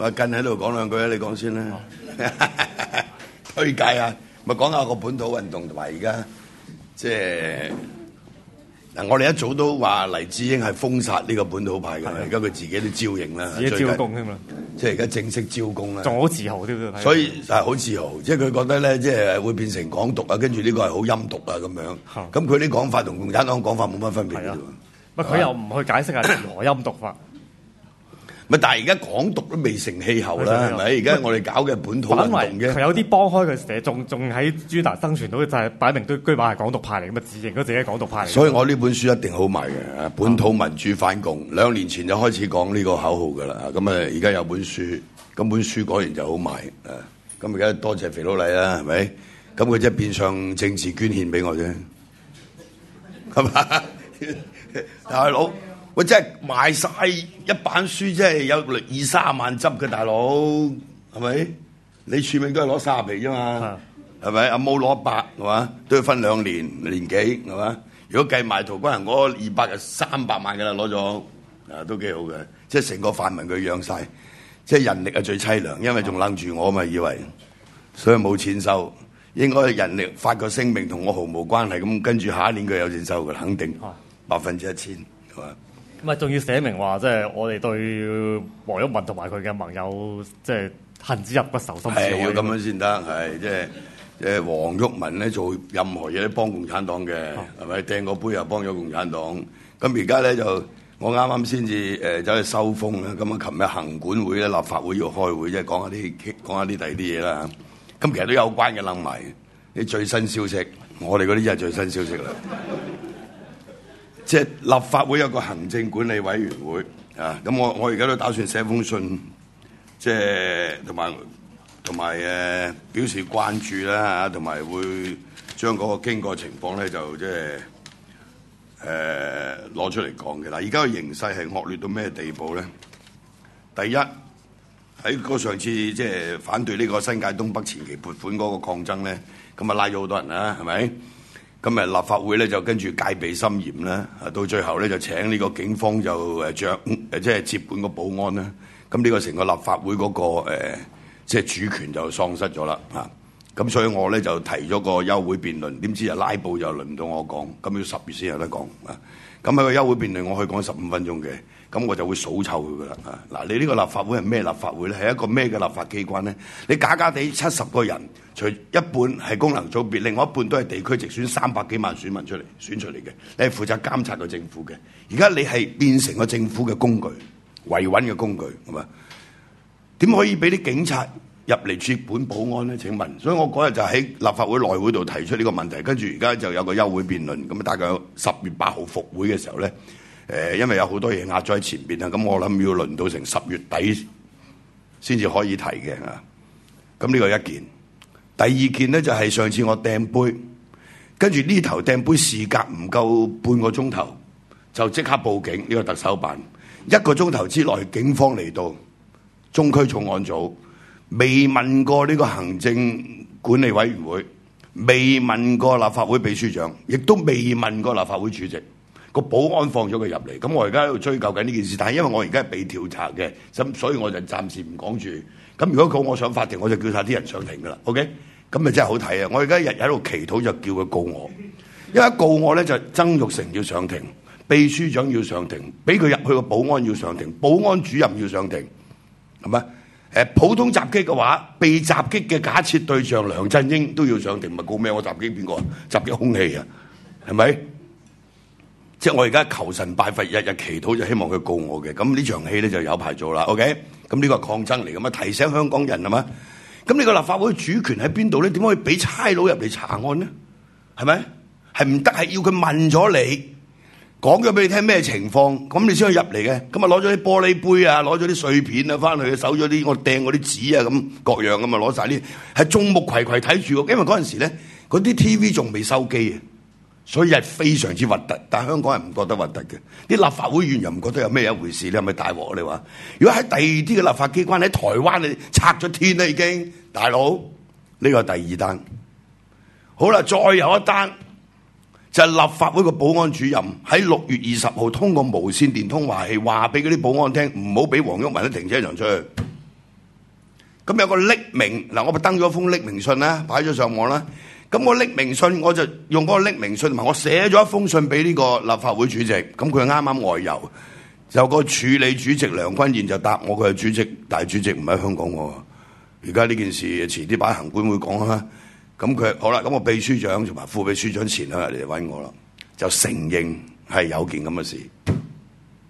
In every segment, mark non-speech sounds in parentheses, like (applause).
我近喺度講兩句啊，你講先啦，哦、 (laughs) 推介啊，咪講下個本土運動同埋而家，即係嗱，我哋一早都話黎智英係封殺呢個本土派嘅，而家佢自己都招認啦，自己招供添嘛，即係而家正式招供啦，仲好自豪添啊，所以係好自豪，即係佢覺得咧，即係會變成港獨啊，跟住呢個係好陰毒啊咁樣，咁佢啲講法同共產黨講法冇乜分別喎，佢又唔去解釋下如何陰毒法？ (laughs) 但係而家港獨都未成氣候啦，係咪？而家我哋搞嘅本土運動嘅，有啲幫開佢寫仲仲喺專欄生存到，就係擺明都居埋係港獨派嚟，咁啊自認咗自己係港獨派嚟。所以我呢本書一定好賣嘅，本土民主反共，兩年前就開始講呢個口號嘅啦。咁啊，而家有本書，咁本書講完就好賣。啊，咁而家多謝肥佬黎啦，係咪？咁佢即係變相政治捐獻俾我啫，係嘛？大佬。我真係賣晒一版書，真係有二三十萬執嘅大佬，係咪？你署名都係攞三十皮啫嘛，係咪？阿、啊、毛攞一百，係嘛？都要分兩年年幾，係嘛？如果計埋陶君行嗰二百，就三百萬嘅啦，攞咗啊，都幾好嘅。即係成個泛民佢養晒，即係人力係最凄涼，因為仲愣住我嘛，我以為所以冇錢收。應該係人力發個聲明同我毫無關係咁，跟住下一年佢有錢收嘅，肯定百分之一千，係嘛？唔係，仲要寫明話，即係我哋對黃毓民同埋佢嘅盟友，即係恨之入骨仇、手心笑。咁樣先得，係即係誒黃毓民咧做任何嘢都幫共產黨嘅，係咪掟個杯又幫咗共產黨？咁而家咧就我啱啱先至誒走去收風啦。咁啊，琴日行管會咧立法會要開會啫，講下啲傾，講下啲第二啲嘢啦。咁其實都有關嘅諗埋，你最新消息，我哋嗰啲就最新消息啦。 (laughs) 即係立法會有個行政管理委員會啊，咁我我而家都打算寫封信，即係同埋同埋誒表示關注啦，同埋會將嗰個經過情況咧就即係誒攞出嚟講嘅。嗱，而家個形勢係惡劣到咩地步咧？第一，喺上次即係反對呢個新界東北前期撥款嗰個抗爭咧，咁啊拉咗好多人啊，係咪？今日立法會咧就跟住戒備森嚴啦，啊到最後咧就請呢個警方就誒即係接管個保安啦。咁呢個成個立法會嗰個即係主權就喪失咗啦。咁所以我咧就提咗個休會辯論，點知啊拉布就輪唔到我講，咁要十月先有得講啊。咁喺個休會辯論我可以講十五分鐘嘅。咁我就會數臭佢噶啦嗱，你呢個立法會係咩立法會咧？係一個咩嘅立法機關咧？你假假地七十個人，除一半係功能組別，另外一半都係地區直選三百幾萬選民出嚟選出嚟嘅，你係負責監察個政府嘅。而家你係變成個政府嘅工具、維穩嘅工具，係咪？點可以俾啲警察入嚟接管保安咧？請問，所以我嗰日就喺立法會內會度提出呢個問題，跟住而家就有個休會辯論。咁啊，大概十月八號復會嘅時候咧。誒，因為有好多嘢壓咗喺前面，啊，咁我諗要輪到成十月底先至可以提嘅啊。咁呢個一件，第二件呢就係上次我掟杯，跟住呢頭掟杯事隔唔夠半個鐘頭，就即刻報警呢個特首辦，一個鐘頭之內警方嚟到，中區重案組未問過呢個行政管理委員會，未問過立法會秘書長，亦都未問過立法會主席。個保安放咗佢入嚟，咁我而家喺度追究緊呢件事，但係因為我而家係被調查嘅，咁所以我就暫時唔講住。咁如果告我上法庭，我就叫晒啲人上庭噶啦。OK，咁咪真係好睇啊！我而家日日喺度祈禱，就叫佢告我，因為告我咧就曾玉成要上庭，秘書長要上庭，俾佢入去個保安要上庭，保安主任要上庭，係咪？誒普通襲擊嘅話，被襲擊嘅假設對象梁振英都要上庭，咪告咩？我襲擊邊個啊？襲擊空氣啊，係咪？即係我而家求神拜佛，日日祈禱就希望佢告我嘅。咁呢場戲咧就有排做啦。OK，咁呢個抗爭嚟噶嘛？提醒香港人啊嘛。咁你個立法會主權喺邊度咧？點可以俾差佬入嚟查案咧？係咪？係唔得？係要佢問咗你，講咗俾你聽咩情況，咁你先可以入嚟嘅。咁啊攞咗啲玻璃杯啊，攞咗啲碎片啊，翻去搜咗啲我掟嗰啲紙啊咁各樣噶嘛，攞晒啲係眾目睽睽睇住，因為嗰陣時咧嗰啲 TV 仲未收機嘅啊。所以係非常之核突，但香港人唔覺得核突嘅，啲立法會員又唔覺得有咩一回事，你係咪大鑊？你話，如果喺第二啲嘅立法機關喺台灣，你拆咗天啦已經，大佬呢、呢個第二單。好啦，再有一單就係、係、立法會個保安主任喺六月二十號通過無線電通話器話俾嗰啲保安聽，唔好俾黃毓民喺停車場出去。咁有一個匿名嗱，我登咗封匿名信啦，擺咗上網啦。咁我匿名信，我就用嗰個匿名信，我寫咗一封信俾呢個立法會主席。咁佢啱啱外遊，就個處理主席梁君彥就答我，佢係主席，但係主席唔喺香港喎。而家呢件事遲啲擺行管會講啦。咁佢好啦，咁我秘書長同埋副秘書長前兩日嚟揾我啦，就承認係有件咁嘅事，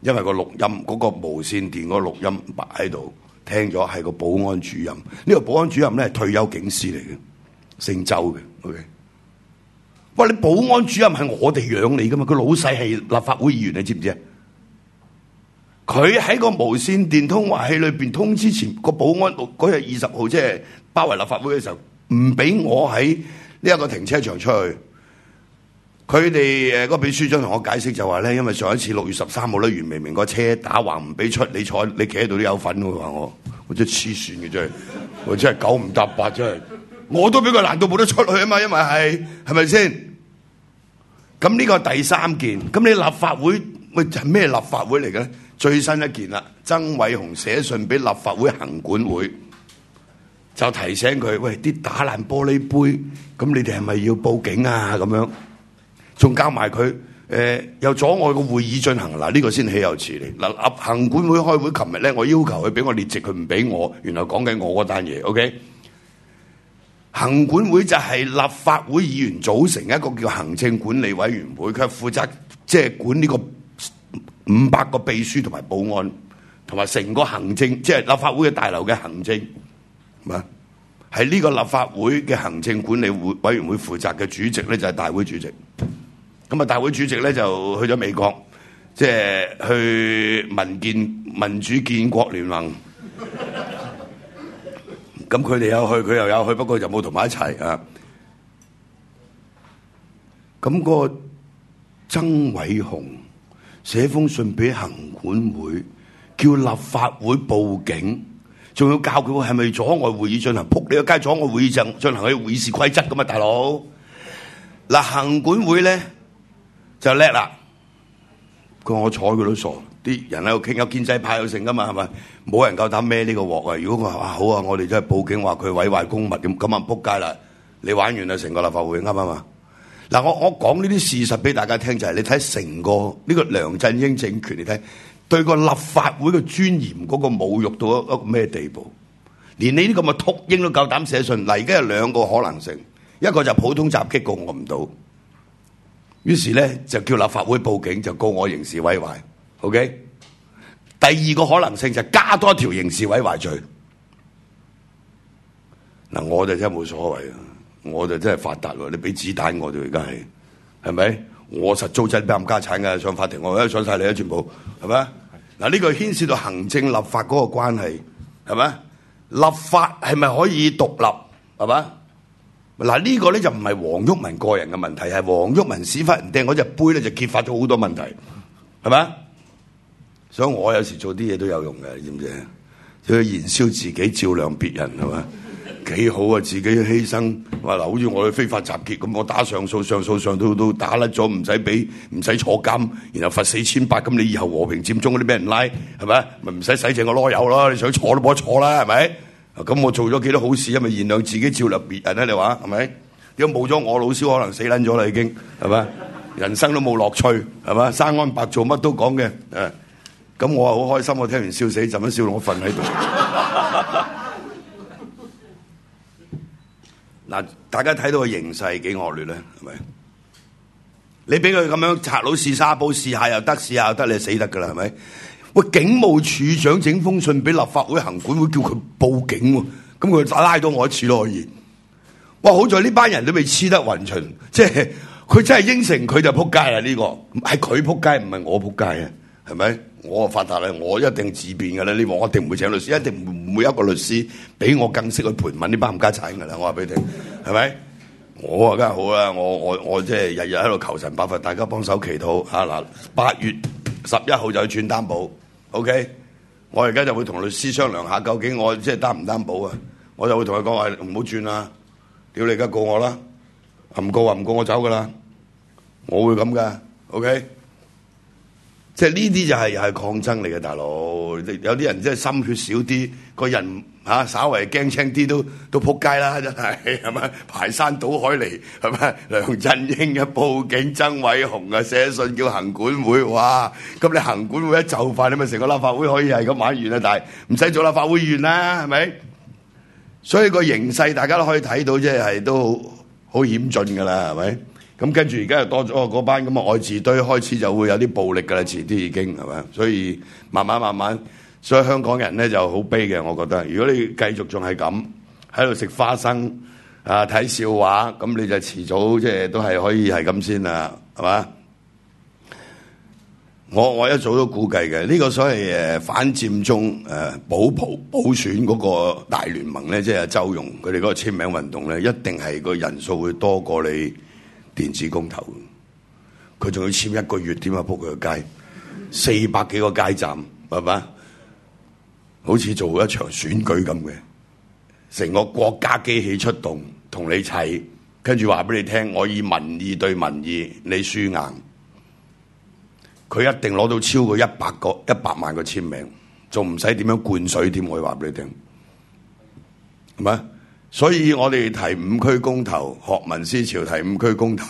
因為個錄音嗰、那個無線電嗰、那個錄音擺喺度聽咗，係個保安主任。呢、這個保安主任咧係退休警司嚟嘅。姓周嘅，喂、okay，你保安主任係我哋養你噶嘛？佢老細係立法會議員，你知唔知啊？佢喺個無線電通話器裏邊通知前、嗰個保安，嗰日二十號即係、就是、包圍立法會嘅時候，唔俾我喺呢一個停車場出去。佢哋誒嗰個秘書長同我解釋就話咧，因為上一次六月十三號咧，袁明明個車打橫唔俾出，你坐你企喺度都有份，佢話我我真黐線嘅真係，我真係九唔搭八真係。我都俾佢難到冇得出去啊嘛，因為係係咪先？咁呢個第三件，咁你立法會咪係咩立法會嚟嘅？最新一件啦，曾偉雄寫信俾立法會行管會，就提醒佢：喂，啲打爛玻璃杯，咁你哋係咪要報警啊？咁樣，仲教埋佢誒，又阻礙個會議進行。嗱，呢個先豈有此理，嗱，行管會開會，琴日咧，我要求佢俾我列席，佢唔俾我。原來講緊我嗰單嘢，OK。行管會就係立法會議員組成一個叫行政管理委員會，佢負責即係管呢個五百個秘書同埋保安，同埋成個行政，即係立法會嘅大樓嘅行政。係嘛？呢個立法會嘅行政管理委員會負責嘅主席咧，就係大會主席。咁啊，大會主席咧就去咗美國，即係去民建民主建國聯盟。 (laughs) 咁佢哋有去，佢又有去，不過就冇同埋一齊啊！咁個曾偉雄寫封信俾行管會，叫立法會報警，仲要教佢係咪阻礙會議進行？扑你個街，阻礙會議進行會議事規則咁啊！大佬，嗱行管會咧就叻啦，佢話我睬佢都傻。啲人喺度傾有建制派有成噶嘛，係咪？冇人夠膽孭呢個鑊啊！如果話哇、啊、好啊，我哋真係報警話佢毀壞公物咁，今晚撲街啦！你玩完就成個立法會啱啊嗱，我我講呢啲事實俾大家聽就係、是，你睇成個呢個梁振英政權你睇，對個立法會嘅尊嚴嗰個侮辱到一一個咩地步？連你呢咁嘅禿鷹都夠膽寫信嗱，而家有兩個可能性，一個就普通襲擊告我唔到，於是咧就叫立法會報警就告我刑事毀壞。OK，第二個可能性就是加多條刑事毀壞罪。嗱，我哋真冇所謂啊！我哋真係發達喎，你俾子彈我哋而家係，係咪？我實租制，你冇家產噶，上法庭我一上晒你啊，全部係咪？嗱，呢、啊呢個牽涉到行政立法嗰個關係，係咪？立法係咪可以獨立？係咪？嗱、啊，呢、呢個咧就唔係黃毓民個人嘅問題，係黃毓民司法掟嗰隻杯咧，就揭發咗好多問題，係咪？所以我有時做啲嘢都有用嘅，你知唔知？要燃燒自己照亮別人係嘛？幾好啊！自己犧牲，好似我哋非法集結，咁我打上訴，上訴上訴都都打甩咗，唔使俾唔使坐監，然後罰四千八，咁你以後和平佔中嗰啲俾人拉係咪？咪唔使洗淨個囉柚咯！你想坐都冇得坐啦，係咪？咁我做咗幾多好事，咪燃亮自己照亮別人啊？你話係咪？如果冇咗我老少，可能死撚咗啦已經，係咪？人生都冇樂趣，係嘛？生安白做乜都講嘅，誒。咁我啊好開心，我聽完笑死，就咁笑到我瞓喺度。嗱， (laughs) 大家睇到個形勢幾惡劣咧，係咪？你俾佢咁樣拆佬士沙煲試下又得，試下又得，你死得噶啦，係咪？喂，警務處長整封信俾立法會行管會，叫佢報警喎。咁佢就拉到我一次咯，可以。哇，好在呢班人都未黐得雲層，即係佢真係應承，佢、這個、就撲街啦。呢個係佢撲街，唔係我撲街啊！係咪？我發達咧，我一定自辯嘅咧。你話我一定唔會請律師，一定每一個律師比我更識去盤問啲班冚家產嘅啦。我話俾你聽，係咪？我話梗係好啦，我我我即係日日喺度求神拜佛，大家幫手祈禱嚇嗱。八月十一號就去轉擔保，OK。我而家就會同律師商量下，究竟我即係擔唔擔保啊？我就會同佢講：誒唔好轉啊！屌你而家告我啦，唔告話唔告我，我走噶啦，我會咁噶，OK。即係呢啲就係又係抗爭嚟嘅，大佬有啲人真係心血少啲，個人嚇稍為驚青啲都都仆街啦，真係係咪排山倒海嚟係咪？梁振英嘅報警，曾偉雄啊，寫信叫行管會，哇！咁你行管會一就快，你咪成個立法會可以係咁玩完啦，但係唔使做立法會議員啦，係咪？所以個形勢大家都可以睇到，即係都好險峻噶啦，係咪？咁跟住而家又多咗嗰班咁嘅愛字堆，開始就會有啲暴力㗎喇，遲啲已經係嘛，所以慢慢慢慢，所以香港人咧就好悲嘅，我覺得。如果你繼續仲係咁喺度食花生啊睇笑話，咁你就遲早即、就、係、係、都係可以係咁先啦，係嘛？我我一早都估計嘅，呢、這個所謂反佔中、啊、保普、保選嗰個大聯盟咧，即係周融佢哋嗰個簽名運動咧，一定係個人數會多過你。電子公投，佢仲要簽一個月添啊！仆佢個街，四百幾個街站，係嘛？好似做一場選舉咁嘅，成個國家機器出動同你砌，跟住話俾你聽，我以民意對民意，你輸硬，佢一定攞到超過一百個一百萬個簽名，仲唔使點樣灌水添？我話俾你聽，係嘛？所以我哋提五區公投學民思潮提五區公投，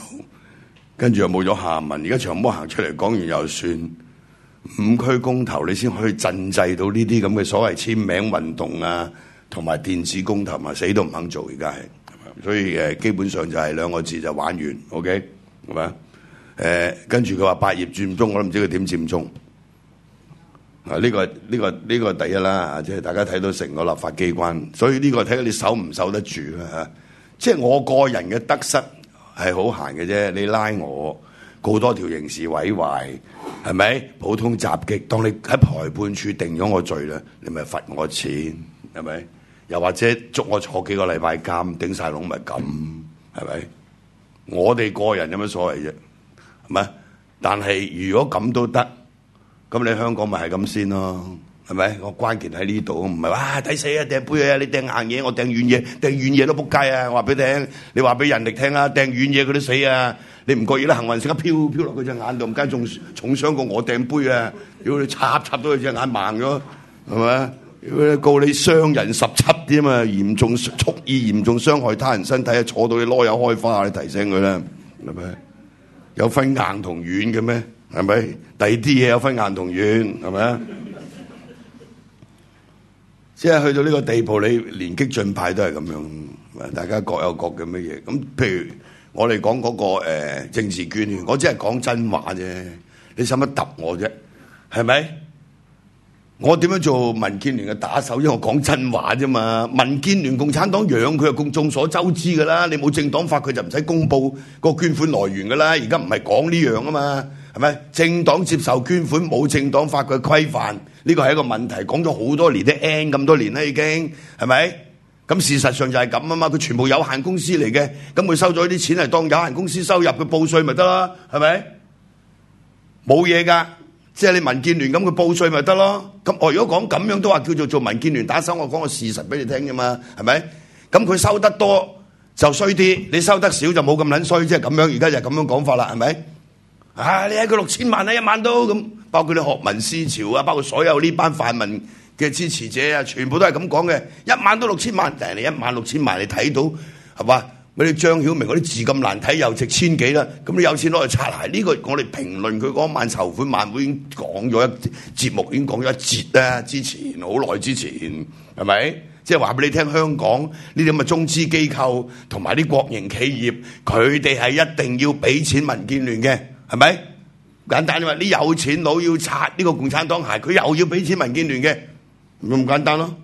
跟住又冇咗下文。而家長毛行出嚟講完又算，五區公投你先可以鎮制到呢啲咁嘅所謂簽名運動啊，同埋電子公投，啊，死都唔肯做。而家係，所以誒基本上就係兩個字就玩完。OK，係咪啊？誒，跟住佢話八頁佔中，我都唔知佢點佔中。啊、呢個，呢、呢個呢個呢個第一啦，即係大家睇到成個立法機關，所以呢個睇下你守唔守得住啦，啊。即係我個人嘅得失係好閒嘅啫。你拉我告多條刑事毀壞，係咪普通襲擊？當你喺裁判處定咗我罪咧，你咪罰我錢，係咪？又或者捉我坐幾個禮拜監，頂晒籠，咪咁，係咪？我哋個人有乜所謂啫？係咪？但係如果咁都得。咁你香港咪係咁先咯？係咪？我關鍵喺呢度，唔係哇！抵死啊！掟杯啊！你掟硬嘢，我掟軟嘢，掟軟嘢都仆街啊！我話俾你聽，你話俾人哋聽啊！掟軟嘢佢都死啊！你唔覺意咧，行運石一飄飄落佢隻眼度，唔該仲重傷過我掟杯啊！如果你插插到佢隻眼盲咗，係咪？要你告你傷人十七啲嘛，嚴重蓄意嚴重傷害他人身體啊！坐到你籮柚開花，你提醒佢啦，係咪？有分硬同軟嘅咩？係咪？第二啲嘢，有分硬同軟，係咪啊？ (laughs) 即係去到呢個地步，你連激進派都係咁樣，大家各有各嘅乜嘢。咁譬如我哋講嗰個誒、呃、政治捐款，我只係講真話啫。你使乜揼我啫？係咪？我點樣做民建聯嘅打手？因為我講真話啫嘛。民建聯共產黨養佢，係眾所周知噶啦。你冇政黨法，佢就唔使公布個捐款來源噶啦。而家唔係講呢樣啊嘛。係咪，政黨接受捐款冇政黨法嘅規範？呢個係一個問題，講咗好多年，啲 N 咁多年啦，已經係咪？咁事實上就係咁啊嘛，佢全部有限公司嚟嘅，咁佢收咗啲錢係當有限公司收入嘅報稅咪得咯？係咪？冇嘢噶，即係你民建聯咁佢報稅咪得咯？咁我如果講咁樣都話叫做做民建聯打手，我講個事實俾你聽啫嘛，係咪？咁佢收得多就衰啲，你收得少就冇咁撚衰，即係咁樣，而家就咁樣講法啦，係咪？啊！你一佢六千萬啊，一萬都咁，包括啲學民思潮啊，包括所有呢班泛民嘅支持者啊，全部都係咁講嘅。一萬都六千萬，定係你一萬六千萬你睇到係嘛？嗰你張曉明嗰啲字咁難睇，又值千幾啦。咁你有錢攞嚟擦鞋？呢個我哋評論佢嗰晚籌款晚會已經講咗一節目，已經講咗一節啦。之前好耐之前係咪？即係話俾你聽，香港呢啲咁嘅中資機構同埋啲國營企業，佢哋係一定要俾錢民建聯嘅。係咪？簡單嘅話，你有錢佬要拆呢個共產黨鞋，佢又要俾錢民建聯嘅，咁簡單咯。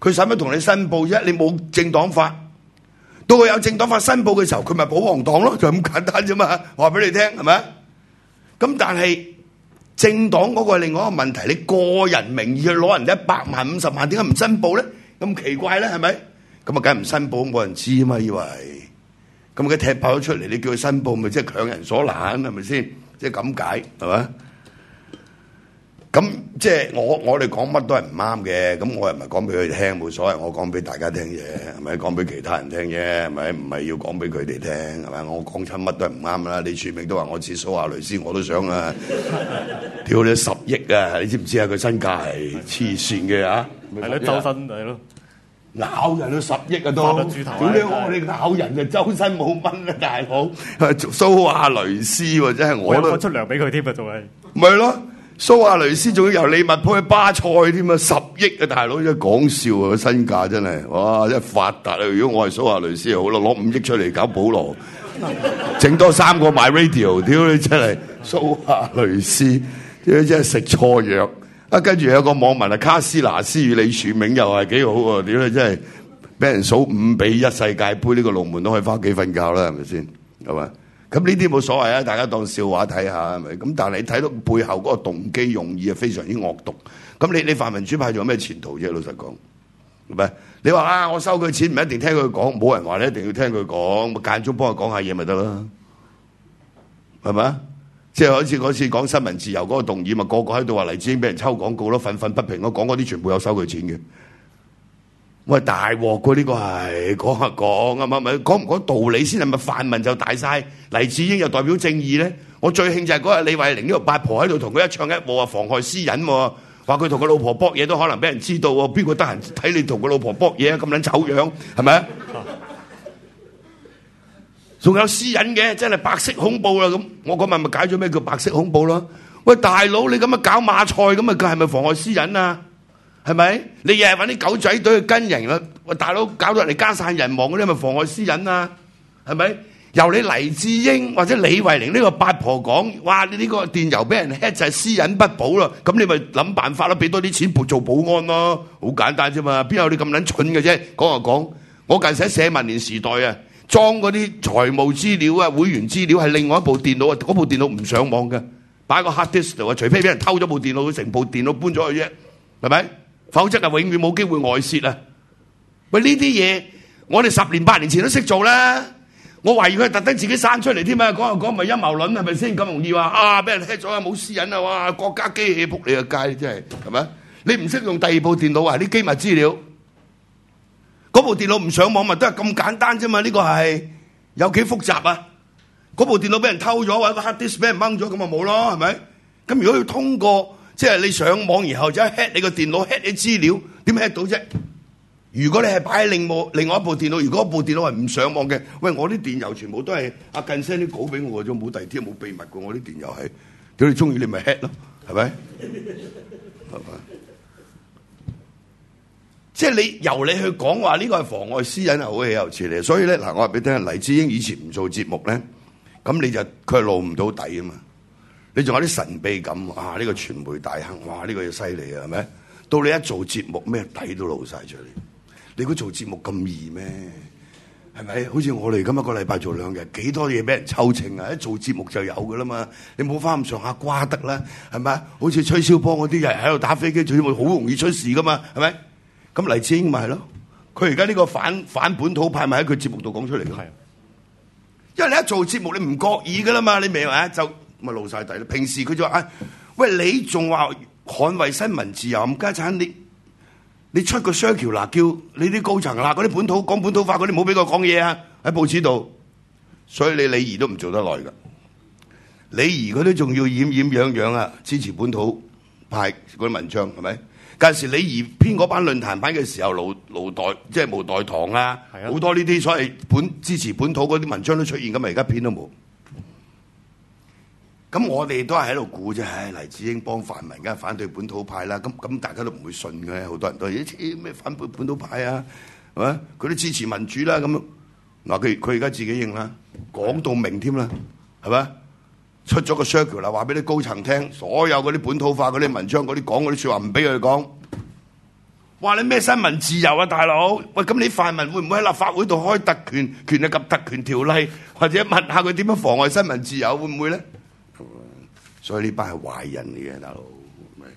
佢使乜同你申報啫？你冇政黨法，到佢有政黨法申報嘅時候，佢咪保皇黨咯？就咁簡單啫嘛。話俾你聽，係咪？咁但係政黨嗰個係另外一個問題，你個人名義去攞人家一百萬五十萬，點解唔申報咧？咁奇怪咧，係咪？咁啊，梗唔申報，冇人知啊嘛，以為。咁佢踢爆咗出嚟，你叫佢申報咪即係強人所難係咪先？即係咁解係咪？咁即係我我哋講乜都係唔啱嘅。咁我又唔係講俾佢聽冇所謂，我講俾大家聽啫，係咪？講俾其他人聽啫，係咪？唔係要講俾佢哋聽係咪？我講親乜都係唔啱啦。李柱銘都話我似蘇亞雷斯，我都想啊，屌你十億啊！你知唔知啊？佢身價係黐線嘅嚇，係咯周生係咯。咬人都十億啊都，屌你，我你咬人就周身冇蚊啊大佬，蘇亞雷斯、啊、真係我，我都出糧俾佢添啊仲係，唔係咯，蘇亞雷斯仲要由利物浦去巴塞添啊，十億啊大佬真係講笑啊個身價真係，哇真係發達啊！如果我係蘇亞雷斯好咯，攞五億出嚟搞保羅，整 (laughs) 多三個買 radio，屌你真係蘇亞雷斯，你真係食錯藥。啊，跟住有個網民啊，卡斯拿斯與李柱銘又係幾好喎！屌你真係俾人數五比一世界盃呢個龍門都可以翻屋企瞓覺啦，係咪先？係嘛？咁呢啲冇所謂啊，大家當笑話睇下，係咪？咁但係你睇到背後嗰個動機用意啊，非常之惡毒。咁你你泛民主派仲有咩前途啫？老實講，唔係你話啊，我收佢錢唔一定聽佢講，冇人話你一定要聽佢講，間中幫佢講下嘢咪得啦，係咪？即係好似嗰次講新聞自由嗰個動議嘛，個個喺度話黎智英俾人抽廣告咯，憤憤不平咯，講嗰啲全部有收佢錢嘅。喂，大鑊嘅呢個，係講下講啊嘛，咪講唔講道理先，係咪？泛民就大晒？黎智英又代表正義咧。我最興就係嗰日李慧玲呢個八婆喺度同佢一唱一和啊，妨害私隱喎，話佢同佢老婆搏嘢都可能俾人知道喎，邊個得閒睇你同佢老婆搏嘢啊？咁撚走樣，係咪 (laughs) 仲有私隱嘅，真係白色恐怖啦咁。噉我嗰晚咪解咗咩叫白色恐怖咯？喂，大佬你咁啊搞馬賽咁啊，係咪妨礙私隱啊？係咪？你日日搵啲狗仔隊去跟營啊？喂，大佬搞到人哋家散人亡嗰啲，咪妨礙私隱啊？係咪？由你黎智英或者李慧玲呢、呢個八婆講，哇！你呢個電郵俾人吃就係私隱不保咯。咁你咪諗辦法咯，俾多啲錢做保安咯，好簡單啫嘛。邊有你咁撚蠢嘅啫？講就講，我近時喺社民連時代啊。裝嗰啲財務資料啊、會員資料係另外一部電腦啊，嗰部電腦唔上網嘅，擺個 hard disk 度啊，除非俾人偷咗部電腦，佢成部電腦搬咗去啫，係咪？否則啊，永遠冇機會外泄啊！喂，呢啲嘢，我哋十年八年前都識做啦，我懷疑佢特登自己生出嚟添啊！講又講，唔係陰謀論係咪先？咁容易話啊，俾人 hack 咗啊，冇私隱啊，哇！國家機器仆你個街，真係係咪？你唔識用第二部電腦啊？啲機密資料。嗰部電腦唔上網咪都係咁簡單啫嘛？呢個係有幾複雜啊？嗰部電腦俾人偷咗，或者個 hard disk 俾人掹咗，咁咪冇咯，係咪？咁如果要通過，即係你上網，然後就 hack 你個電腦，hack 你資料，點 hack 到啫？如果你係擺喺另外另外一部電腦，如果一部電腦係唔上網嘅，喂，我啲電郵全部都係阿近聲啲稿俾我咗，冇第二啲，冇秘密嘅，我啲電郵係，屌你中意你咪 hack 咯，係咪？即係你由你去講話，呢個係妨礙私隱又好，又似你。所以咧，嗱，我話俾你聽，黎智英以前唔做節目咧，咁你就佢露唔到底啊嘛。你仲有啲神秘感啊。呢個傳媒大亨，哇，呢個嘢犀利啊，係咪？到你一做節目，咩底都露晒出嚟。你估做節目咁易咩？係咪？好似我哋咁一個禮拜做兩日，幾多嘢俾人抽情啊？一做節目就有噶啦嘛。你冇翻咁上下瓜得啦，係咪？好似崔少波嗰啲人喺度打飛機，最尾好容易出事噶嘛，係咪？咁黎智英咪係咯？佢而家呢個反反本土派咪喺佢節目度講出嚟嘅，因為你一做節目你唔覺意㗎啦嘛，你明嘛？就咪露晒底啦。平時佢就話，喂，你仲話捍衛新聞自由，唔家產，你你出個商條辣叫你啲高層啦，嗰啲本土講本土法嗰啲，唔好俾佢講嘢啊！喺報紙度，所以你李儀都唔做得耐㗎。李儀佢都仲要掩掩養養啊，支持本土派嗰啲文章係咪？嗰陣時你而編嗰班論壇版嘅時候，老老代即係無代堂啊，好多呢啲所謂本支持本土嗰啲文章都出現咁嘛，而家編都冇。咁我哋都係喺度估啫、哎，黎智英幫泛民，梗係反對本土派啦。咁咁大家都唔會信嘅，好多人都話啲咩反對本土派啊，係嘛？佢都支持民主啦。咁嗱，佢佢而家自己認啦，講到明添啦，係咪？出咗個 circular 嚟話俾啲高層聽，所有嗰啲本土化嗰啲文章嗰啲講嗰啲説話唔俾佢講，話你咩新聞自由啊，大佬？喂，咁你泛民會唔會喺立法會度開特權，權力及特權條例，或者問下佢點樣妨礙新聞自由，會唔會咧？所以呢班係壞人嚟嘅，大佬，唔係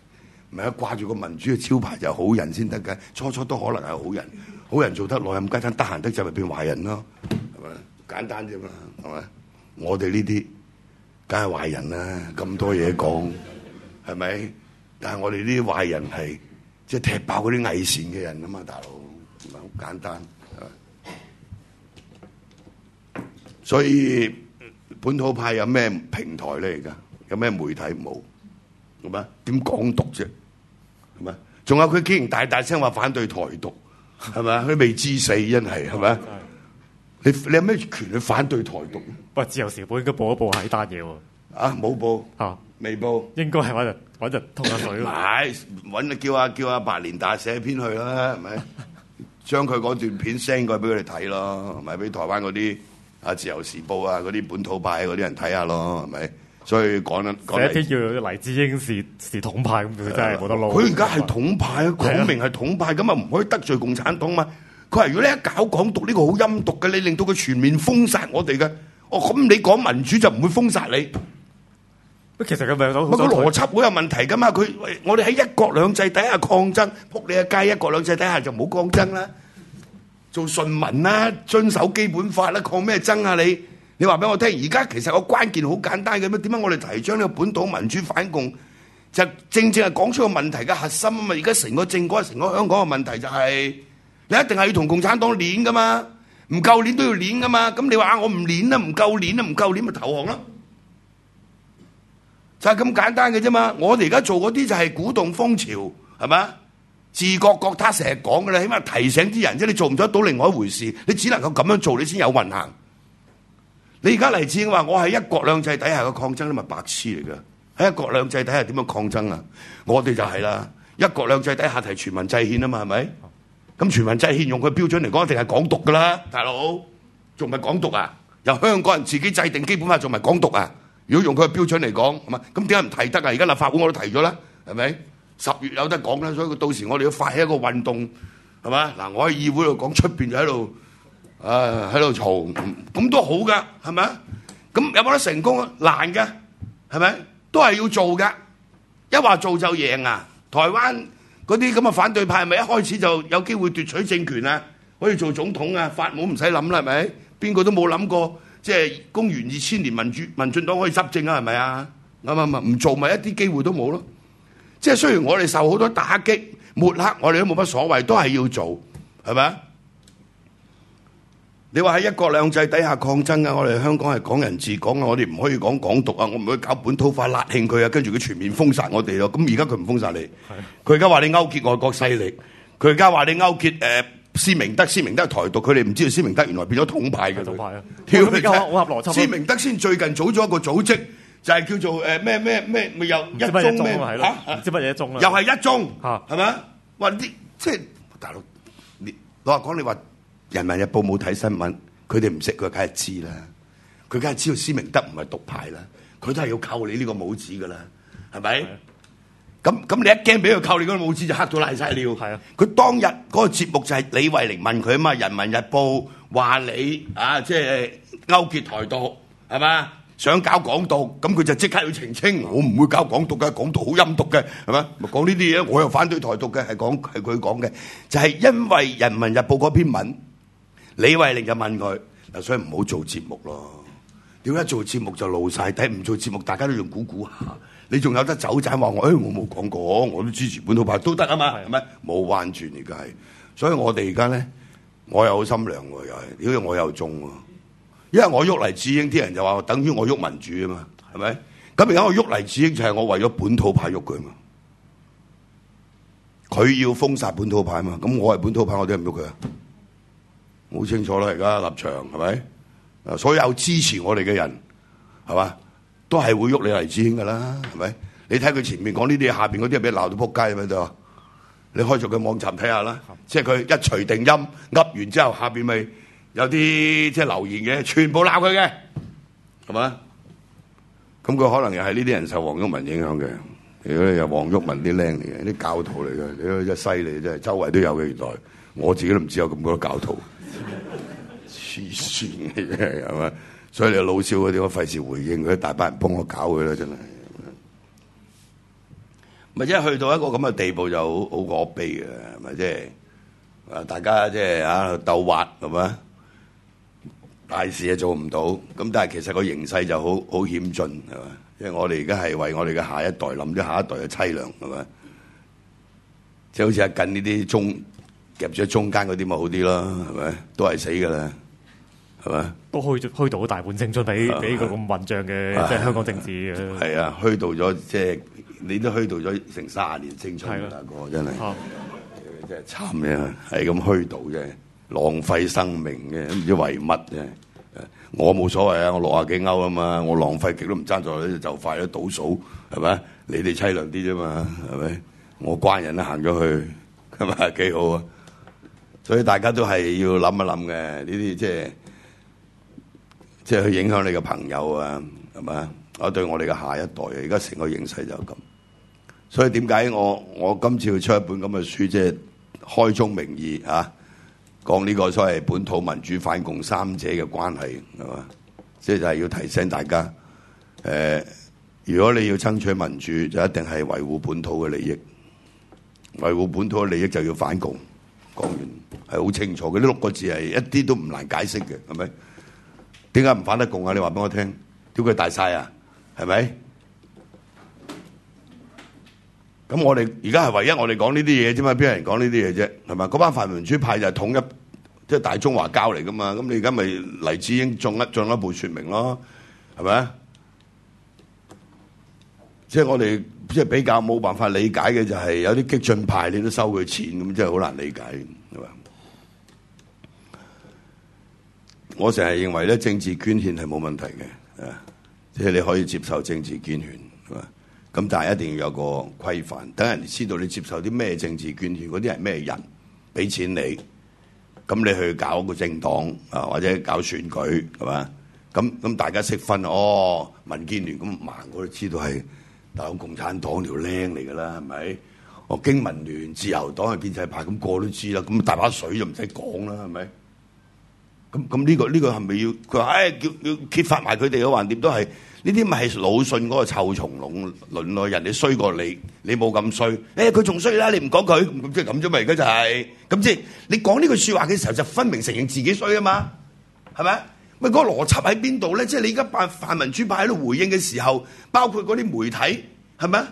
唔係一掛住個民主嘅招牌就好人先得嘅，初初都可能係好人，好人做得耐咁家陣得閒得就咪變壞人咯，係咪？簡單啫嘛，係咪？我哋呢啲。梗係壞人啦，咁多嘢講，係咪？但係我哋呢啲壞人係即係踢爆嗰啲偽善嘅人啊嘛，大佬，唔係好簡單，所以本土派有咩平台咧？而家有咩媒體冇？係嘛？點港獨啫？係咪？仲有佢竟然大大聲話反對台獨，係咪？佢未知死因係，係咪？你你有咩權去反對台獨？不自由時報應該報一報喺單嘢喎，啊冇報吓未報，應該係我就揾人通下水，啊。唉， (coughs) 係揾叫啊叫阿白年大寫篇去啦，係咪將佢嗰段片 send 過俾佢哋睇咯，咪、啊、俾台灣嗰啲啊自由時報啊嗰啲本土派嗰啲人睇下咯，係、啊、咪？所以講緊寫篇叫黎智英是是，是，是，是，是，是統派、啊，佢真係冇得攞。佢而家係統派，啊，講明係統派，咁啊唔可以得罪共產黨嘛。佢話如果你一搞港獨呢個好陰毒嘅，你令到佢全面封殺我哋嘅。哦，咁你講民主就唔會封殺你。不，其實佢咪咁。乜個邏輯好有問題噶嘛？佢我哋喺一國兩制底下抗爭，扑你個街一國兩制底下就冇抗爭啦，做順民啦，遵守基本法啦，抗咩爭啊？你你話俾我聽，而家其實個關鍵好簡單嘅咩？點解我哋提倡呢個本土民主反共，就正正係講出個問題嘅核心啊嘛！而家成個政改、成個香港嘅問題就係。你一定係要同共產黨練噶嘛，唔夠練都要練噶嘛。咁你話啊，我唔練啦，唔夠練啦，唔夠練咪投降咯，就係咁簡單嘅啫嘛。我哋而家做嗰啲就係鼓動風潮，係嘛？自覺覺他成日講嘅啦，起碼提醒啲人啫。你做唔做得到另外一回事，你只能夠咁樣做，你先有運行。你而家嚟似話我係一國兩制底下嘅抗爭，你咪白痴嚟噶？喺一國兩制底下點樣抗爭啊？我哋就係啦，一國兩制底下係全民制憲啊嘛，係咪？咁全民制憲用佢標準嚟講，一定係港獨噶啦，大佬仲唔係港獨啊？由香港人自己制定基本法，仲唔係港獨啊？如果用佢嘅標準嚟講，係嘛？咁點解唔提得啊？而家立法會我都提咗啦，係咪？十月有得講啦，所以到時我哋要發起一個運動，係嘛？嗱，我喺議會度講，出面就喺度，啊，喺度嘈，咁都好噶，係咪？咁有冇得成功啊？難嘅，係咪？都係要做㗎，一話做就贏啊！台灣嗰啲咁嘅反對派係咪一開始就有機會奪取政權啊？可以做總統啊？法冇唔使諗啦，係咪？邊個都冇諗過，即係公元二千年民主民進黨可以執政啊？係咪啊？啱唔啱？唔做咪一啲機會都冇咯。即係雖然我哋受好多打擊、抹黑，我哋都冇乜所謂，都係要做，係咪啊？你話喺一國兩制底下抗爭啊！我哋香港係港人治港啊！我哋唔可以講港獨啊！我唔可以搞本土化拉慶佢啊！跟住佢全面封殺我哋咯！咁而家佢唔封殺你，佢而家話你勾結外國勢力，佢而家話你勾結誒施明德，施明德係台獨，佢哋唔知道施明德原來變咗統派嘅。統派啊！跳脱開好合邏輯。施明德先最近組咗一個組織，就係叫做誒咩咩咩，咪又一中咩？唔知乜嘢中啊？又係一中，係咪？喂，即係大陸，你老實講你話。人民日報冇睇新聞，佢哋唔識佢，梗係知啦。佢梗係知道施明德唔係獨派啦，佢都係要扣你呢個帽子㗎啦，係咪？咁咁你一驚俾佢扣你個帽子，就嚇到瀨晒尿。佢當日嗰個節目就係李慧玲問佢啊嘛，《人民日報》話你啊，即係勾結台獨，係嘛？想搞港獨，咁佢就即刻要澄清，我唔會搞港獨嘅，港獨好陰毒嘅，係嘛？講呢啲嘢，我又反對台獨嘅，係講係佢講嘅，就係因為《人民日報》嗰篇文。李慧玲就問佢：嗱，所以唔好做節目咯。點解做節目就露晒底？唔做節目，大家都用估估下。你仲有得走盞話我？誒、哎，我冇講過，我都支持本土派，都得啊嘛，係咪？冇彎轉，而家係。所以我哋而家咧，我又心涼喎，又係，因為我又中喎。因為我喐黎智英，啲人就話，等於我喐民主啊嘛，係咪？咁而家我喐黎智英，就係我為咗本土派喐佢嘛。佢要封殺本土派嘛？咁我係本土派，我點解唔喐佢啊？好清楚啦，而家立場係咪？啊，所有支持我哋嘅人係嘛，都係會喐你黎智英嘅啦，係咪？你睇佢前面講呢啲，下邊嗰啲俾鬧到撲街咪樣。你開咗個網站睇下啦，即係佢一錘定音噏完之後，下邊咪有啲即係留言嘅，全部鬧佢嘅，係嘛？咁佢可能又係呢啲人受黃毓民影響嘅，如果你有黃毓民啲僆嚟嘅，啲教徒嚟嘅，你睇真犀利即係，周圍都有嘅原來，我自己都唔知有咁多教徒。黐線嘅嘢，係嘛，所以你老少嗰啲我費事回應佢，大班人幫我搞佢啦，真係。咪即係去到一個咁嘅地步就好好可悲嘅，係咪即係啊？大家即係啊鬥滑係嘛，大事啊做唔到，咁但係其實個形勢就好好險峻係嘛，因為我哋而家係為我哋嘅下一代諗，咗下一代嘅淒涼係嘛，即係好似係近呢啲中。夾住喺中間嗰啲咪好啲咯，係咪？都係死嘅啦，係咪？都虛虛度咗大半青春俾俾個咁混帳嘅，即係香港政治嘅。係啊，虛度咗即係你都虛度咗成三十年青春啦，大哥真係，真係慘嘅，係咁虛度啫，浪費生命嘅，都唔知為乜啫。我冇所謂啊，我六啊幾歐啊嘛，我浪費極都唔爭在，就快咗倒數，係咪？你哋淒涼啲啫嘛，係咪？我關人都行咗去，係咪幾好啊？所以大家都係要諗一諗嘅，呢啲即係即係去影響你嘅朋友啊，係嘛？我對我哋嘅下一代，而家成個形勢就咁。所以點解我我今次要出一本咁嘅書，即係開宗明義啊，講呢個所謂本土民主反共三者嘅關係係嘛？即係就係要提醒大家，呃，如果你要爭取民主，就一定係維護本土嘅利益，維護本土嘅利益就要反共。講完係好清楚嘅，呢六個字係一啲都唔難解釋嘅，係咪？點解唔反得共啊？你話俾我聽，屌佢大晒啊，係咪？咁我哋而家係唯一我哋講呢啲嘢啫嘛，邊有人講呢啲嘢啫？係咪？嗰班泛民主派就係統一，即係大中華膠嚟噶嘛？咁你而家咪黎智英進一步説明咯，係咪？即係我哋即係比較冇辦法理解嘅，就係有啲激進派你都收佢錢，咁即係好難理解。係嘛？我成日認為咧，政治捐獻係冇問題嘅，即係你可以接受政治捐獻，係嘛？咁但係一定要有個規範，等人知道你接受啲咩政治捐獻，嗰啲係咩人俾錢你，咁你去搞個政黨啊，或者搞選舉，係嘛？咁咁大家識分哦，民建聯咁盲我都知道係。大黨共產黨條僆嚟噶啦，係咪？哦，經民聯、自由黨係建制派，咁過都知啦。咁大把水就唔使講啦，係咪？咁咁呢個呢個係咪要？佢話誒，叫叫揭發埋佢哋嘅，橫掂都係呢啲，咪係魯迅嗰個臭蟲攏論咯？人哋衰過你，你冇咁衰。誒，佢仲衰啦，你唔講佢，咁即係咁啫嘛。而家就係，咁即係你講呢句說話嘅時候，就分明承認自己衰啊嘛，係咪？咪、那、嗰個邏輯喺邊度咧？即係你而家泛泛民主派喺度回應嘅時候，包括嗰啲媒體係咪啊？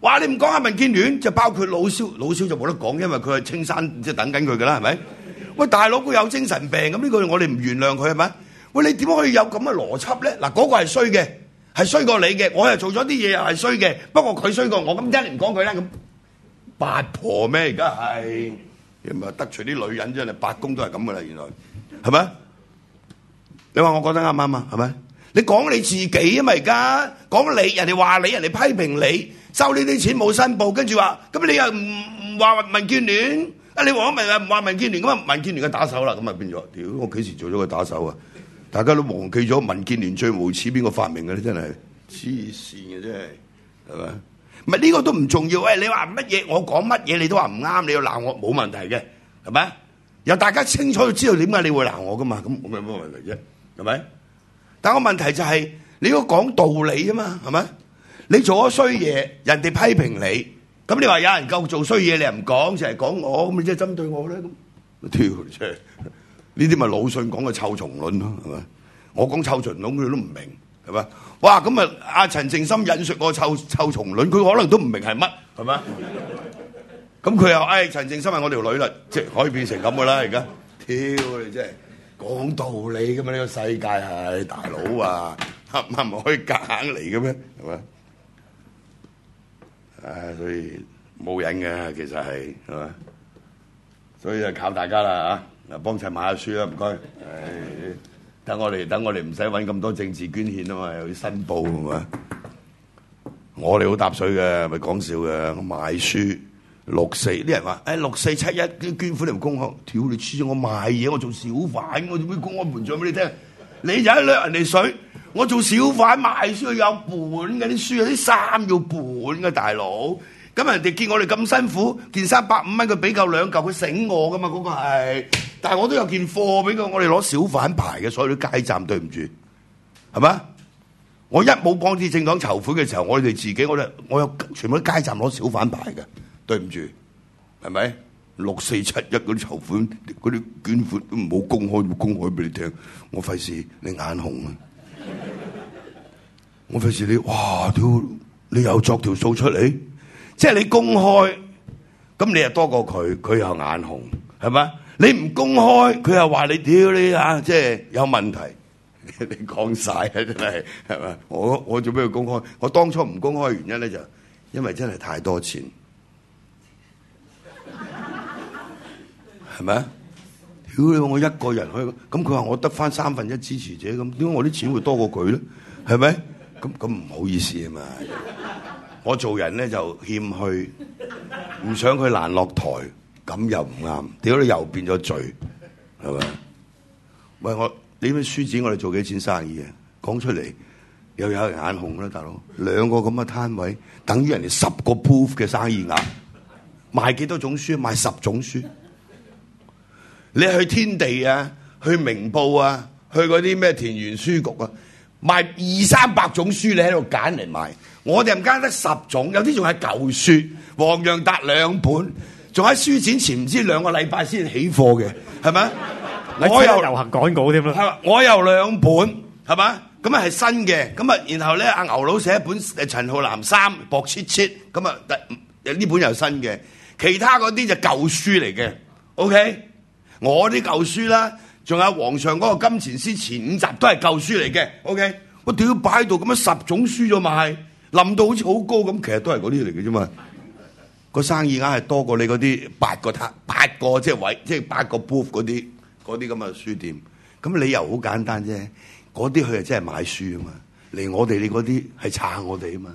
哇！你唔講下民建聯，就包括老蕭老蕭就冇得講，因為佢係青山即係等緊佢噶啦，係咪？ (laughs) 喂，大佬佢有精神病咁呢個，我哋唔原諒佢係咪？喂，你點可以有咁嘅邏輯咧？嗱、那個，嗰個係衰嘅，係衰過你嘅，我又做咗啲嘢又係衰嘅，不過佢衰過我，咁一你唔講佢啦咁。八婆咩？而家係唔係得罪啲女人啫？八公都係咁噶啦，原來係咪啊？你話我覺得啱唔啱啊？係咪？你講你自己啊嘛，而家講你，人哋話你，人哋批評你，收呢啲錢冇申報，跟住話咁你又唔唔話民建聯啊？你話我咪唔話民建聯咁啊？民建聯嘅打手啦，咁啊變咗，屌我幾時做咗個打手啊？大家都忘記咗民建聯最無恥邊個發明嘅咧？真係黐線嘅真係，係咪？唔係呢個都唔重要。誒，你話乜嘢，我講乜嘢你都話唔啱，你要鬧我冇問題嘅，係咪？由大家清楚就知道點解你會鬧我噶嘛？咁冇咩問題啫。係咪？但我個問題就係你要講道理啊嘛，係咪？你做咗衰嘢，人哋批評你，咁你話有人夠做衰嘢，你唔講，淨係講我，咁你即係針對我咧？咁，跳你真係！呢啲咪魯迅講嘅臭蟲論咯，係咪？我講臭蟲論佢都唔明，係咪？哇！咁啊，阿陳靜心引述我臭臭蟲論，佢可能都唔明係乜，係咪？咁佢又，哎，陳靜心係我條女啦，即係可以變成咁噶啦，而家，跳你真係！講道理噶嘛？呢個世界係大佬啊，合唔合埋可以夾硬嚟嘅咩？係嘛？係啊，所以冇癮嘅，其實係，係嘛？所以就靠大家啦嚇，嗱，幫襯買下書啦，唔該。誒，等我哋等我哋唔使揾咁多政治捐獻啊嘛，又要申報係嘛？我哋好搭水嘅，咪講笑嘅，我買書。六四啲人話，哎，六四七一捐款嚟唔公開，屌、哎、你黐咗我賣嘢，我做小販，我做咩公安門上俾你聽？你就喺掠人哋水，我做小販賣書有本嘅，啲書啊，啲衫要本嘅，大佬。咁人哋見我哋咁辛苦，件衫百五蚊，佢俾夠兩嚿，佢醒我噶嘛？嗰、嗰個係，但係我都有件貨俾佢，我哋攞小販牌嘅，所以啲街站對唔住，係嘛？我一冇講啲政黨籌款嘅時候，我哋自己，我哋我有全部啲街站攞小販牌嘅。對唔住，係咪六四七一嗰啲籌款，嗰啲捐款都唔好公開，公開俾你聽。我費事你眼紅啊！我費事你哇！屌你又作條數出嚟，即係你公開，咁你又多過佢，佢又眼紅，係咪？你唔公開，佢又話你屌你啊！即係有問題。你講晒啊真係，係咪？我我做咩要公開？我當初唔公開嘅原因咧，就因為真係太多錢。係咪？屌你！我一個人去，咁佢話我得翻三分一支持者，咁點解我啲錢會多過佢咧？係咪？咁咁唔好意思啊嘛！我做人咧就謙虛，唔想佢難落台，咁又唔啱。屌你又變咗罪，係咪？喂我呢本書展我哋做幾錢生意啊？講出嚟又有，有人眼紅啦，大佬！兩個咁嘅攤位，等於人哋十個鋪嘅生意額，賣幾多種書？賣十種書。你去天地啊，去明報啊，去嗰啲咩田園書局啊，賣二三百種書，你喺度揀嚟賣。我哋唔間得十種，有啲仲係舊書。黃洋達兩本，仲喺書展前唔知兩個禮拜先起貨嘅，係咪我有流行廣告添啦。我有兩本，係嘛？咁啊係新嘅，咁啊然後咧阿牛佬寫一本陳浩南三薄切切，咁啊呢本又新嘅，其他嗰啲就舊書嚟嘅。O K。我啲舊書啦，仲有皇上嗰個金錢師前五集都係舊書嚟嘅。OK，我屌擺到咁樣十種書咗賣，臨到好似好高咁，其實都係嗰啲嚟嘅啫嘛。個生意硬係多過你嗰啲八個攤八個即係、就是、位即係、就是、八個 booth 嗰啲嗰啲咁嘅書店。咁理由好簡單啫，嗰啲佢係真係買書啊嘛，嚟我哋你嗰啲係撐我哋啊嘛。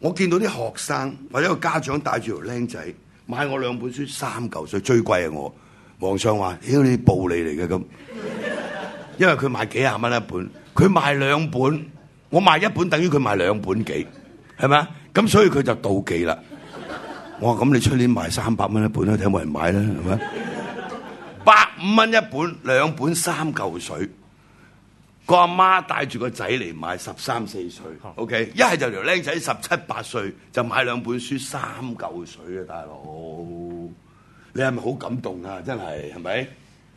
我見到啲學生或者個家長帶住條僆仔。買我兩本書三嚿水最貴啊！我皇上話：，屌、哎、你暴利嚟嘅咁，因為佢賣幾廿蚊一本，佢賣兩本，我賣一本等於佢賣兩本幾，係咪啊？咁所以佢就妒忌啦。我話咁你出年賣三百蚊一本啦，睇冇人買啦，係咪？百五蚊一本，兩本三嚿水。個阿媽帶住個仔嚟買十三四歲，OK，一、嗯、係就條僆仔十七八歲就買兩本書三嚿水啊，大佬，你係咪好感動啊？真係係咪？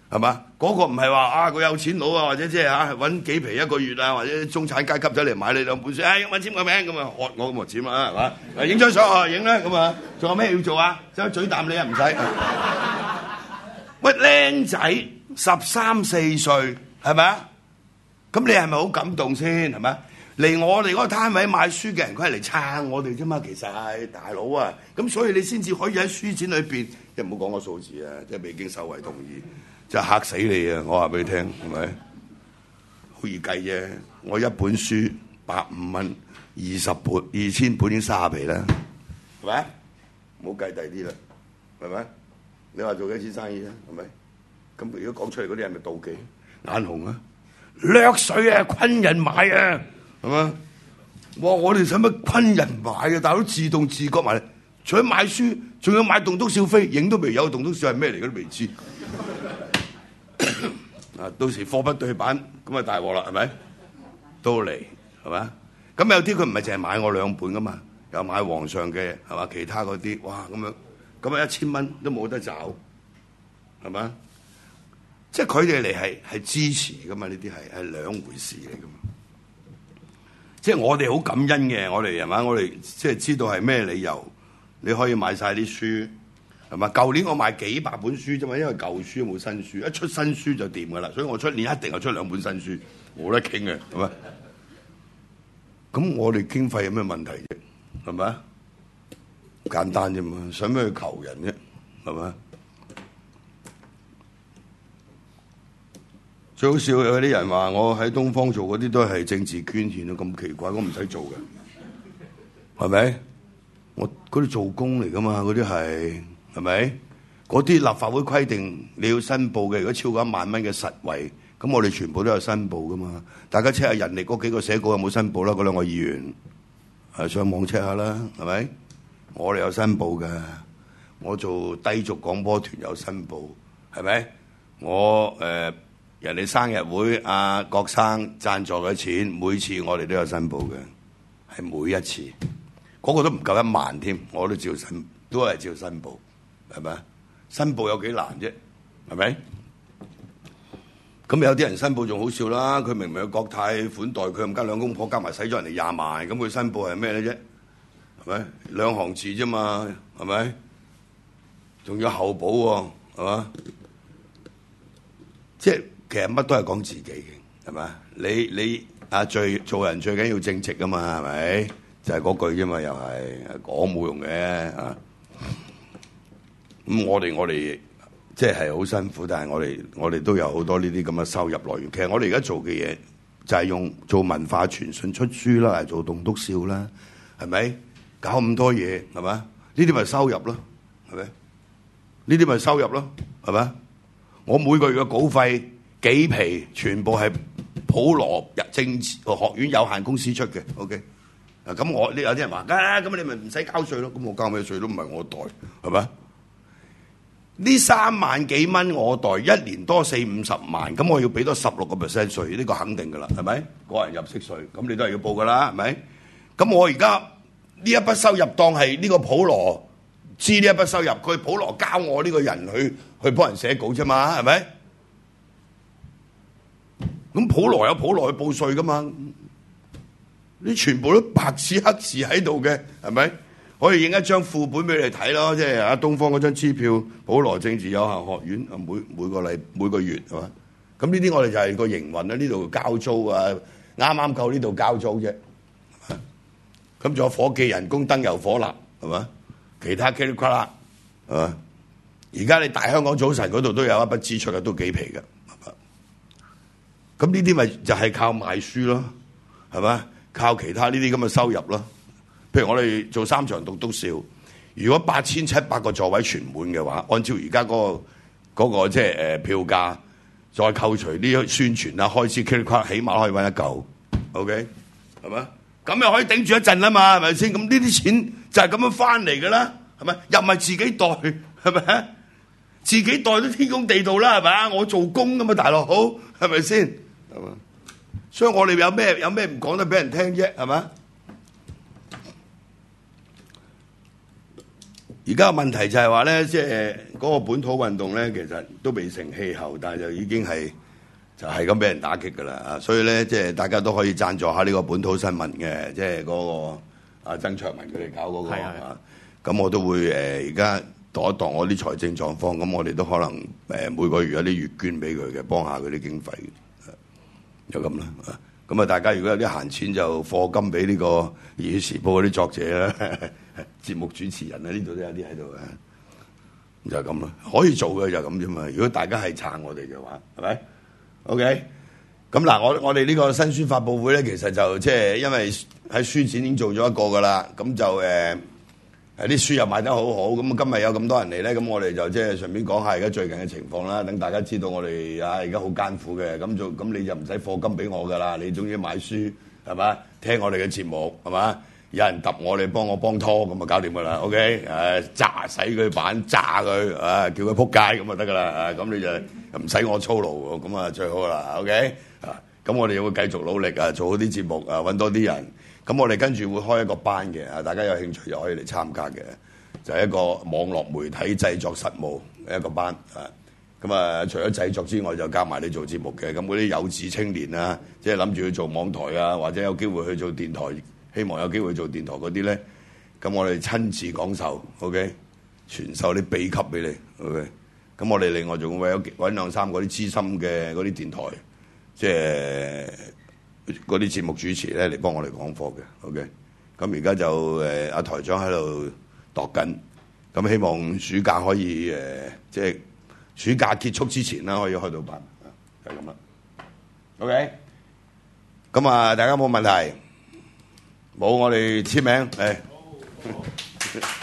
係嘛？嗰、那個唔係話啊個有錢佬啊，或者即係啊，揾幾皮一個月啊，或者中產階級仔嚟買你兩本書，哎、啊，要唔要簽個名？咁 (laughs) 啊，嚇我冇嚟簽啊，係嘛？影張相啊，影啦，咁啊，仲有咩要做啊？走 (laughs) 嘴啖你啊，唔使。 (laughs) 喂，僆仔十三四歲係咪啊？是吧？咁你係咪好感動先？係咪嚟我哋嗰個攤位買書嘅人，佢係嚟撐我哋啫嘛。其實係大佬啊，咁所以你先至可以喺書展裏邊，又唔好講個數字啊，即係未經受衆同意，就嚇死你啊！我話俾你聽，係咪好易計啫？我一本書百五蚊，二十本二千本已經卅皮啦，係咪？唔好計第啲啦，係咪？你話做幾錢生意啊？係咪？咁如果講出嚟嗰啲係咪妒忌，眼紅啊！掠水啊，昆人買啊，係嘛？我我哋使乜昆人買呀，啊？大佬都自動自覺埋，除咗買書，仲要買棟篤笑《棟篤笑飛，》 (laughs) 影都未有，《棟篤笑》係咩嚟？嘅都未知。啊，到時貨不對版，咁啊大鑊啦，係咪？都嚟，係咪？咁有啲佢唔係淨係買我兩本噶嘛，又買皇上嘅，係嘛？其他嗰啲，哇咁樣，咁啊一千蚊都冇得找，係咪？即係佢哋嚟係係支持噶嘛？呢啲係係兩回事嚟噶嘛？即係我哋好感恩嘅，我哋係嘛？我哋即係知道係咩理由你可以買晒啲書係嘛？舊年我買幾百本書啫嘛，因為舊書又冇新書，一出新書就掂噶啦。所以我出年一定係出兩本新書，冇得傾嘅係嘛？咁我哋經費有咩問題啫？係咪？簡單啫嘛，想咩去求人啫？係咪？最好笑有啲人話我喺東方做嗰啲都係政治捐獻啊，咁奇怪，我唔使做嘅，係咪？我嗰啲做工嚟噶嘛，嗰啲係係咪？嗰啲立法會規定你要申報嘅，如果超過一萬蚊嘅實惠，咁我哋全部都有申報噶嘛。大家 check 下人哋嗰幾個寫稿有冇申報啦，嗰兩個議員，係上網 check 下啦，係咪？我哋有申報嘅，我做低俗廣播團有申報，係咪？我誒。呃人哋生日會，阿、啊、郭生贊助嘅錢，每次我哋都有申報嘅，係每一次，嗰、那個都唔夠一萬添，我都照申，都係照申報，係咪？申報有幾難啫、啊，係咪？咁有啲人申報仲好笑啦，佢明明有國泰款待佢，唔加兩公婆加埋使咗人哋廿萬，咁佢申報係咩咧？啫，係咪？兩行字啫嘛，係咪？仲有後補喎、啊，係嘛？即係。其實乜都係講自己嘅，係嘛？你你啊最做人最緊要正直噶嘛，係咪？就係嗰句啫嘛，又係講冇用嘅啊。咁我哋我哋即係好辛苦，但係我哋我哋都有好多呢啲咁嘅收入來源。其實我哋而家做嘅嘢就係用做文化傳信、出書啦，做棟篤笑啦，係咪？搞咁多嘢，係咪？呢啲咪收入咯，係咪？呢啲咪收入咯，係咪？我每個月嘅稿費。幾皮全部係普羅政學院有限公司出嘅，OK。啊，咁我呢有啲人話啊，咁你咪唔使交稅咯。咁我交咩稅都唔係我代，係咪？呢三萬幾蚊我代一年多四五十萬，咁我要俾多十六個 percent 稅，呢個肯定㗎啦，係咪？個人入息稅，咁你都係要報㗎啦，係咪？咁我而家呢一筆收入當係呢個普羅知呢一筆收入，佢普羅交我呢個人去去幫人寫稿啫嘛，係咪？咁普羅有普羅去報稅噶嘛？你全部都白紙黑字喺度嘅，係咪？可以影一張副本俾你睇咯，即係啊，東方嗰張支票，普羅政治有限學院啊，每每個禮每個月係嘛？咁呢啲我哋就係個營運喺呢度交租啊，啱啱夠呢度交租啫。咁仲有伙計人工、燈油火蠟係嘛？其他嘰哩呱啦係嘛？而家你大香港早晨嗰度都有一筆支出嘅，都幾皮㗎。咁呢啲咪就係靠賣書咯，係咪？靠其他呢啲咁嘅收入咯。譬如我哋做三場棟篤笑，如果八千七百個座位全滿嘅話，按照而家嗰個嗰個即係票價，再扣除呢啲宣傳啦、開支，起碼可以搵一嚿，OK，係咪？咁又可以頂住一陣啦嘛，係咪先？咁呢啲錢就係咁樣翻嚟嘅啦，係咪？又唔係自己袋，係咪？自己袋都天公地道啦，係咪啊？我做工㗎嘛，大佬，好係咪先？係嘛、 (noise) 嗯，所以我哋有咩有咩唔講得俾人聽啫，係嘛？而家個問題就係話咧，即係嗰個本土運動咧，其實都未成氣候，但係就已經係就係咁俾人打擊噶啦啊！所以咧，即係大家都可以讚助一下呢個本土新聞嘅，即係嗰個啊曾卓文佢哋搞嗰個啊。咁我都會誒，而家度一度我啲財政狀況，咁我哋都可能誒每個月有啲月捐俾佢嘅，幫下佢啲經費。就咁啦，咁啊大家如果有啲閒錢就課金俾呢、呢個《熱血時報》嗰啲作者啦，節目主持人啊，呢度都有啲喺度嘅，就咁啦，可以做嘅就咁啫嘛。如果大家係撐我哋嘅話，係咪？OK，咁嗱，我我哋呢個新書發布會咧，其實就即係因為喺書展已經做咗一個噶啦，咁就誒。呃誒啲書又賣得好好，咁今日有咁多人嚟咧，咁我哋就即係順便講下而家最近嘅情況啦，等大家知道我哋啊而家好艱苦嘅，咁就咁你就唔使課金俾我㗎啦，你總之買書係嘛，聽我哋嘅節目係嘛，有人揼我哋幫我幫拖，咁就搞掂㗎啦。OK，誒炸死佢板，炸佢，啊叫佢撲街咁就得㗎啦。咁你就唔使我操勞，咁啊最好啦。OK，啊咁我哋會繼續努力啊，做好啲節目啊，揾多啲人。咁我哋跟住會開一個班嘅，啊大家有興趣又可以嚟參加嘅，就係一個網絡媒體製作實務一個班，啊咁啊除咗製作之外，就加埋你做節目嘅。咁嗰啲有志青年啊，即係諗住去做網台啊，或者有機會去做電台，希望有機會做電台嗰啲咧，咁我哋親自講授，OK，傳授啲秘笈俾你，OK。咁我哋另外仲會搵揾兩三個啲資深嘅嗰啲電台，即係。嗰啲節目主持咧嚟幫我哋講課嘅，OK，咁而家就誒阿、呃、台長喺度度緊，咁希望暑假可以誒、呃，即係暑假結束之前啦，可以開到班，就係咁啦，OK，咁啊大家冇問題，冇我哋簽名，誒。Oh, oh. (laughs)